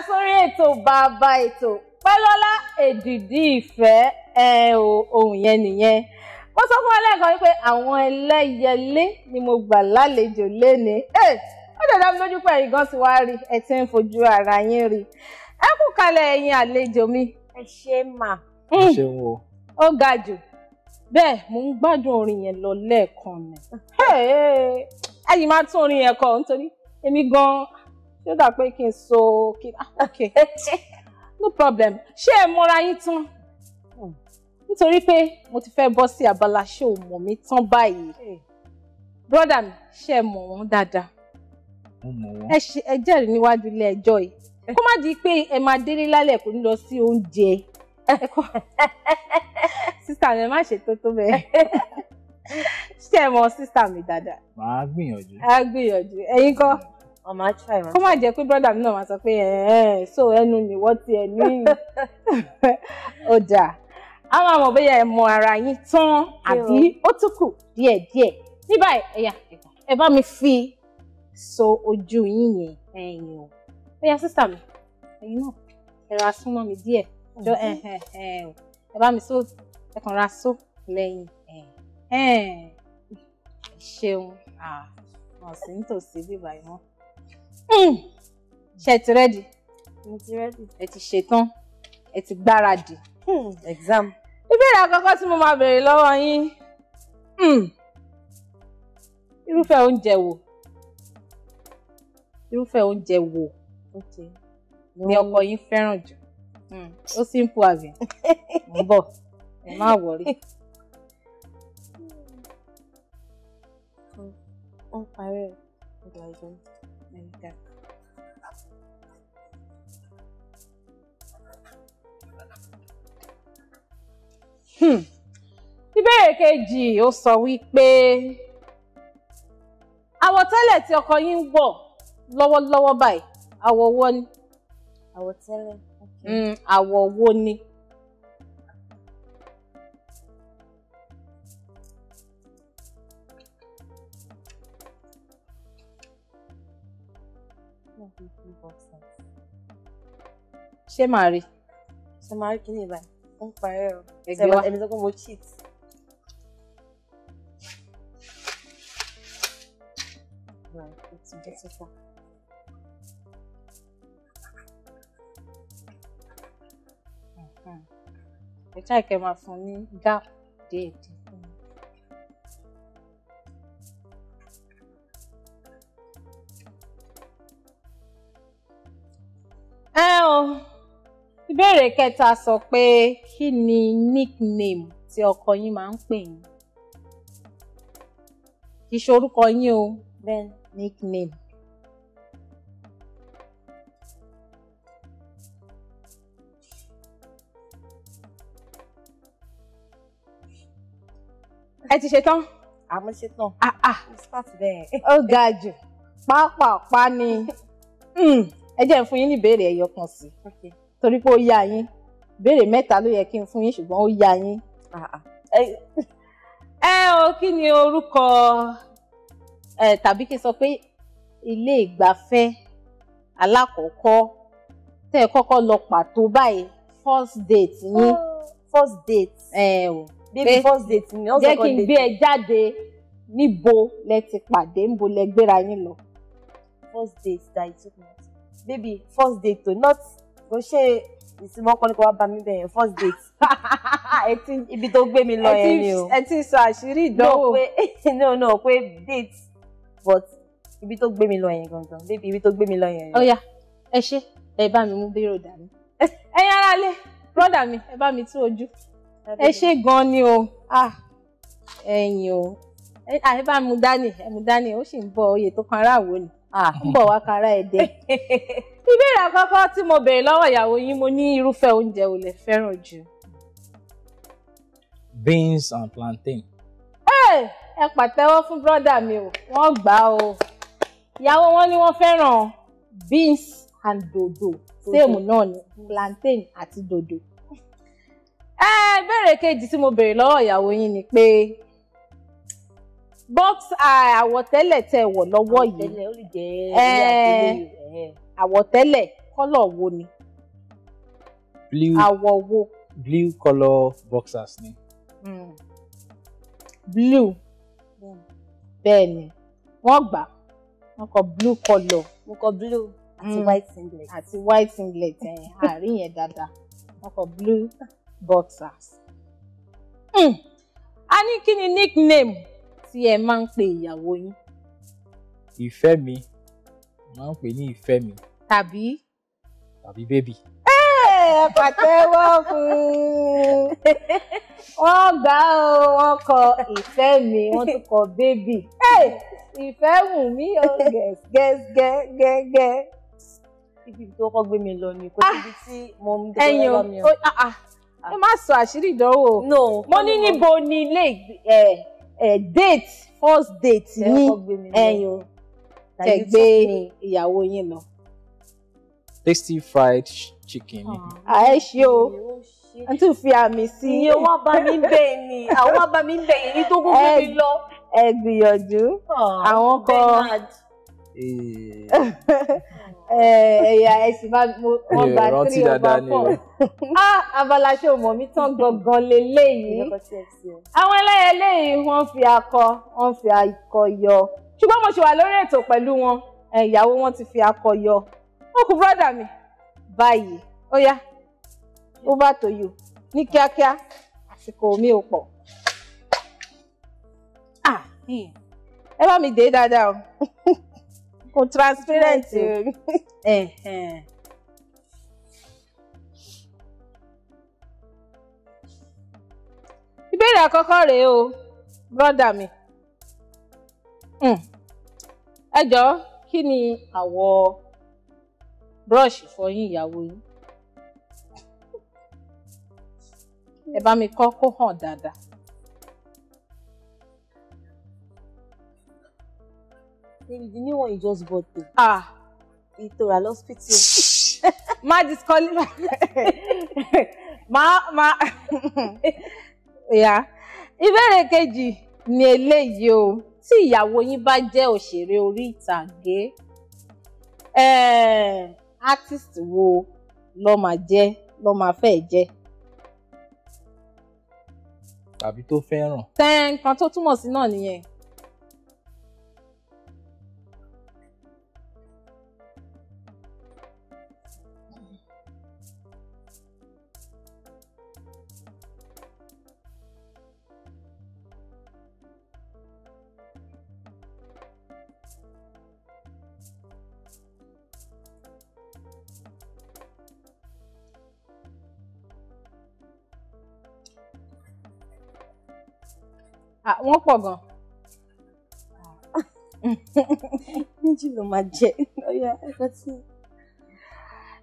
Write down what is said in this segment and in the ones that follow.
padà sórí ètò bàbá ètò pẹ́lọ́lá èdìdí ìfẹ́ ẹ o ohun yẹn nìyẹn mo sọ fún wa wípé àwọn ẹlẹ́yẹlé ni mo gbà lálejò lénìí ẹ ó dẹ̀dá mi lójú pé ẹ̀yin gan ti wá rí ẹ ti ń fojú ara yín rí ẹ kú kalẹ̀ ẹ̀yin àlejò mi. ẹ ṣe mà. ẹ hmm. ṣeun o. ó ga jù bẹ́ẹ̀ mo ń gbádùn orin yẹn lọ lẹ́ẹ̀kan mi ẹ̀yin máa tún orin yẹn kọ nítorí èmi gan ṣé ó dà pé kí n so kí ah, ok no problem ṣé ẹ múra yín tán hmm. nítorí pé mo ti fẹ́ bọ́ sí abala ṣé o mọ̀ mí tán báyìí brọ́dà mi ṣé ẹ mọ̀ wọ́n dáadáa ẹ jẹ́rìí níwájú ilé ẹjọ́ yìí eh. kó má di pé ẹ máa délé lálẹ́ kò ní lọ sí oúnjẹ sísá mi má ṣe tó tó ṣé ẹ mọ̀ sísá mi dáadáa. màá gbìyànjú. á gbìyànjú ẹ̀yin kọ́ ọmọ àtúwà ìwọ̀n. kó má jẹ́ pé brọ́dà mi náà máa sọ pé so ẹnu ni wọ́n ti ẹ̀ ní ọjà a máa mọ̀ bóyá ẹ mọ ara yín tán àbí ó tún kù díẹ̀díẹ̀ ní báyìí ẹ̀yà ẹ bá mi fi so ojú yín yẹn ẹ̀yìn o bóyá sísà mi ẹ̀yìn náà ẹ ra súnmọ́ mi díẹ̀ jọ ẹ bá mi so ẹ kàn ra so lẹ́yìn ṣeun àwọn ah, tòsí bíbá ìmọ̀. Hmm. ṣe ti rẹ́dì ẹ ti ṣetán ẹ ti gbáradì hmm. exam. ìbéèrè àkọ́kọ́ tí mo máa béèrè lọ́wọ́ yín hmm. irúfẹ́ oúnjẹ wo irúfẹ́ oúnjẹ wo ni ọkọ yín fẹ́ràn jù ó simple àbí mo bọ̀ ẹ má wọrí. ó ń parí ẹ̀ ọ̀gá ìjọba meditar. Hmm. ìbéèrè kejì ó sọ wípé àwọ̀tẹ́lẹ̀ tí ọkọ yín ń wọ̀ lọ́wọ́lọ́wọ́ báyìí àwọ̀ wo ni? àwọ̀tẹ́lẹ̀. àwọ̀ hmm, wo ni? will give you boxes. ṣé màá rí. ṣé màá rí kíní ìbàdàn ó ń parẹ́ o. ẹgbẹ́ wa ẹni tó kún mo cheat. Right, it's máa fún ní gap déédéé. ìbéèrè kẹta sọ pé kí ni nickname tí ọkọ yín máa ń pè yín kì í ṣe orúkọ yín o bẹ́ẹ̀ nickname. ẹ ti ṣe tán. àmọ́ ṣe tán. ah ah ó ga jù pápá pa ni. ẹ jẹ́ n fún yín ní ìbéèrè ẹyọ kan sí torí pé ó yá yín ìbéèrè mẹ́ta ló yẹ kí n fún yín ṣùgbọ́n ó yá yín. Ah, ah. ẹ o kí ni orúkọ ẹ tàbí kí n sọ pé ilé ìgbafẹ́ alákọ̀ọ́kọ́ tẹ́ ẹ kọ́kọ́ lọ pàtó báyìí first date yín. Oh, first date. ẹ o baby first date ni ọ̀sán kan date. jẹ́ kí n gbé ẹ jáde níbo lẹ ti pàdé níbo lẹ gbéra yín lọ. first date that I baby first date o not kò ṣe ìsinmi ọkọ ní kò wá bá mi bẹ̀yẹn first date ibi tó gbé mi lọ yẹn ni o ẹ ti sọ àṣírí ìdánwò no no pé date but ibi tó gbé mi lọ yẹn gangan baby ibi tó gbé mi lọ yẹn. ọ̀ya ẹ ṣe ẹ bá mi mú bírò dání ẹ̀yin aráalé brọ́dà mi ẹ bá mi tú ojú ẹ ṣe gan ni o ah, ẹ̀yin o ẹ bá mu dání ẹ mu dání ó sì ń bọ̀ oyè tó kan aráàwọ̀ ni. Ah. ń bọ̀ wá kára ẹ̀ ìbéèrè àkọ́kọ́ tí mo béèrè lọ́wọ́ ìyàwó yín mo ní irúfẹ́ oúnjẹ wo lẹ fẹ́ràn jù. beans and plantain. ẹ pàtẹ́wọ́ fún brọ́dà mi o wọ́n gbà o ìyàwó wọn ni wọ́n fẹ́ràn beans and dodo séèmù náà ni plantain àti dodo. ẹ ìbéèrè kejì tí mo béèrè lọ́wọ́ ìyàwó yín ni pé box ah, àwọ̀tẹ́lẹ̀ tẹ wọ̀ lọ́wọ́ yìí àwọ̀tẹ́lẹ̀ kọ́lọ̀ eh, wo ni àwọ̀ wo. blue colour boxers ni. Mm. blue bẹ́ẹ̀ ni wọ́n gbà wọ́n kọ blue colour. mo kọ blue àti hmm. white singlet. àti white singlet ẹ̀yìn àárín yẹn dáadáa wọ́n kọ blue boxers. Mm. a ní kí ni nickname tí ẹ máa ń pe ìyàwó yín. ìfẹ́ mi máa ń pè ní ìfẹ́ mi. tàbí. tàbí bébì. ẹ pàtẹ́wọ́ fún un wọ́n gbà ó wọ́n kọ ìfẹ́ mi wọ́n tún kọ bébì. ìfẹ́ wù mí o gẹ́gẹ́gẹ́gẹ́ ibi tó kọ́ gbé mi lọ ni kò síbi ah, tí mo ń dé lọ́wọ́ mi o. ẹyin o ah, ah. ẹ má sọ àṣírí ìdánwò. no mo ní níbo ni ilé ẹ Eh, date first date yín ẹ̀yin tẹ gbé ìyàwó yín lọ. tasty fried chicken. àyè ah. ah, ṣe o n tún fi àmì sí. iye wọn bá mi bẹ́ẹ̀ ni àwọn bá mi bẹ́ẹ̀ yìí tó gúngún mi lọ. ẹ gbìyànjú ah, àwọn kan. ẹ̀yà ẹ̀sìn bá wọn gba three over four ah abala ṣé o mọ̀ mi tán gangan leléyìí àwọn ẹlẹ́yẹ léyìí wọ́n fi akọ wọ́n fi akọ yọ ṣùgbọ́n mo ṣe wà lórí ètò pẹ̀lú wọn ìyàwó wọn ti fi akọ yọ ó kù brọ́dà mi báyìí ó yá ó bá tó yò ní kíákíá àsìkò mi ò pọ̀ ah, hmm. ẹ bá mi dé dáadáa o. kò transparent ìbéèrè àkọ́kọ́ rèé o brọ́dà mi hmm. ẹ jọ̀ọ́ kí ni àwọ̀ brush fọyín ìyàwó yín ẹ bá mi kọ́ kó hàn dáadáa. Maybe the new one you just bought though. Ah. Itora l'hospital. Ma disqualify. Ma ma. Yeah. Ìbéèrè kejì ni eléyìí o. Tí ìyàwó yín bá jẹ́ ori orí Eh, artist wo ló máa jẹ́ fe je. fẹ́ jẹ́? Tàbí tó Kanto tu mo túmọ̀ sí náà nìyẹn. Ah, wọ́n pọ̀ gan. méjì ló máa jẹ lọ́yà ẹ̀kọ́ tí.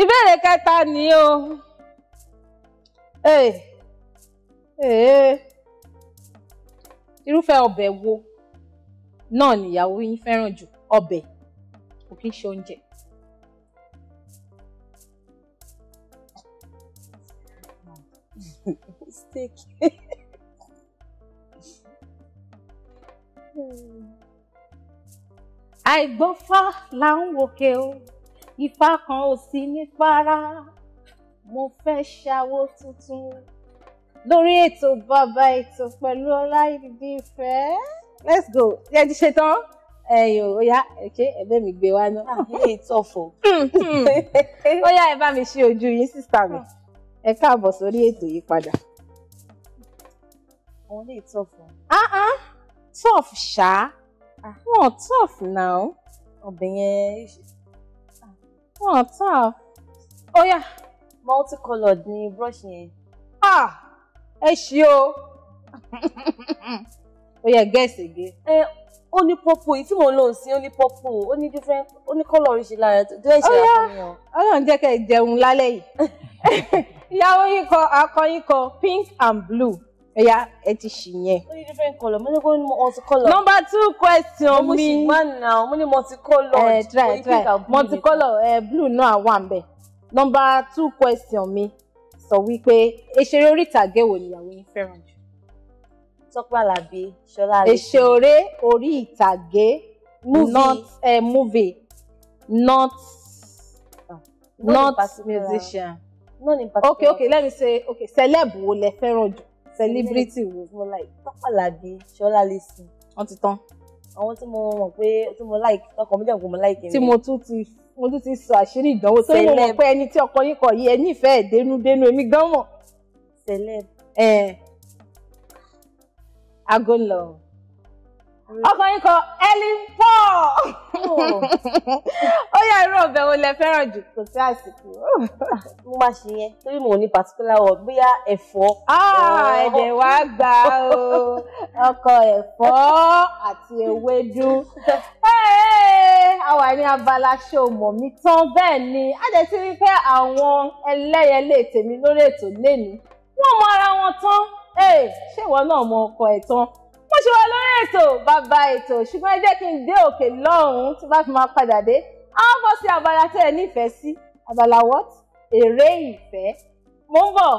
ìbéèrè kẹta ni o irúfẹ́ ọbẹ̀ wo náà nìyàwó yín fẹ́ràn jù ọbẹ̀ kò kí ń ṣe oúnjẹ. steak. àìgbọ́fá là ń wòkè o ifá kan ò sí ní fara mo fẹ́ ṣàwo tuntun lórí ètò bàbá ètò pẹ̀lú Ọláìdífẹ́ let's go ṣé ti ṣe tán ẹyìn ó yá ẹkẹ ẹbẹ mi gbé wá náà èyí tọ̀fọ̀ ó yá ẹ bá mi ṣe ojú yín sísá mi ẹ káàbọ̀ sórí ètò yìí padà àwọn lè tọ̀fọ̀. Ah, ah tough ṣá ah. wọn tough now ọbẹ̀ yẹn wọn tough Oh yeah, multicolored ni brush yẹn ah ẹ ṣe o ó yẹ gẹ̀ẹ́sì gé. ẹ ó ní pọ́pù yìí tí Only purple. Only sí ó ní pọ́pù ó ní different ó ní kọ́lọ̀ oríṣi lára tó dé ìṣẹ̀lẹ̀ àkọyàn. ọlọ́run jẹ́ kẹ́ ẹ jẹun lálẹ́ yìí call yín call akọyin kọ pink and blue ẹ̀yà ẹ ti ṣì different colour mo ní kó ní number two question mi. mo sì gbà náà mo ní multicolour. ẹ eh, try try color, eh, blue no, wà ń bẹ. number two question mi sọ wípé èṣèré orí ìtàgé wo nìyàwó yín fẹ́ràn jù. Tọ́pẹ́ Àlàbí Ṣọlá Alẹ́. èṣèré orí ìtàgé. movie not eh movie not not, musician. non in particular. okay okay let me say okay celeb wo lẹ fẹ́ràn jù celebrity wo mo like Tọ́pẹ́ Àlàbí Ṣọlá Allyson. wọ́n ti tán. àwọn tí mo mọ̀ pé tí mo like ọkọ mi jẹ́ kó mo like ẹni. tí mo tún ti mo tún ti sọ àṣírí ìdánwò tó mo mọ̀ pé ẹni tí ọkọ yín kọ yìí ẹ nífẹ̀ẹ́ dénúdénú èmi gan mọ̀. celeb. ẹ ago love. Mm. ọkọ yín kọ Helen Paul oh. ó yà irú ọbẹ̀ wo lẹ fẹ́ràn jù kò sí àsìkò. mo máa ṣe yẹn torí mo ní particular word bóyá ẹ̀fọ́. Ah, ẹ̀dẹ̀ wá gbà o ọkọ ẹ̀fọ́ àti ewédú a wà ní abala ṣe ò mọ̀ mí tán bẹ́ẹ̀ ni a jẹ́ ti rí pé àwọn ẹlẹ́yẹlé tèmi lórí ètò lẹ́nu wọ́n mọ ara wọn tán ṣé ìwọ náà mọ ọkọ ẹ̀ tán wọ́n ṣe wà lórí ètò bàbá ètò ṣùgbọ́n ẹ jẹ́ kí n dé òkè lọ́hùn-ún tí bá fi máa padà dé àwọn bọ́ sí abala tẹ́ ẹ nífẹ̀ẹ́ sí abala what èrè ìfẹ́ mo ń bọ̀.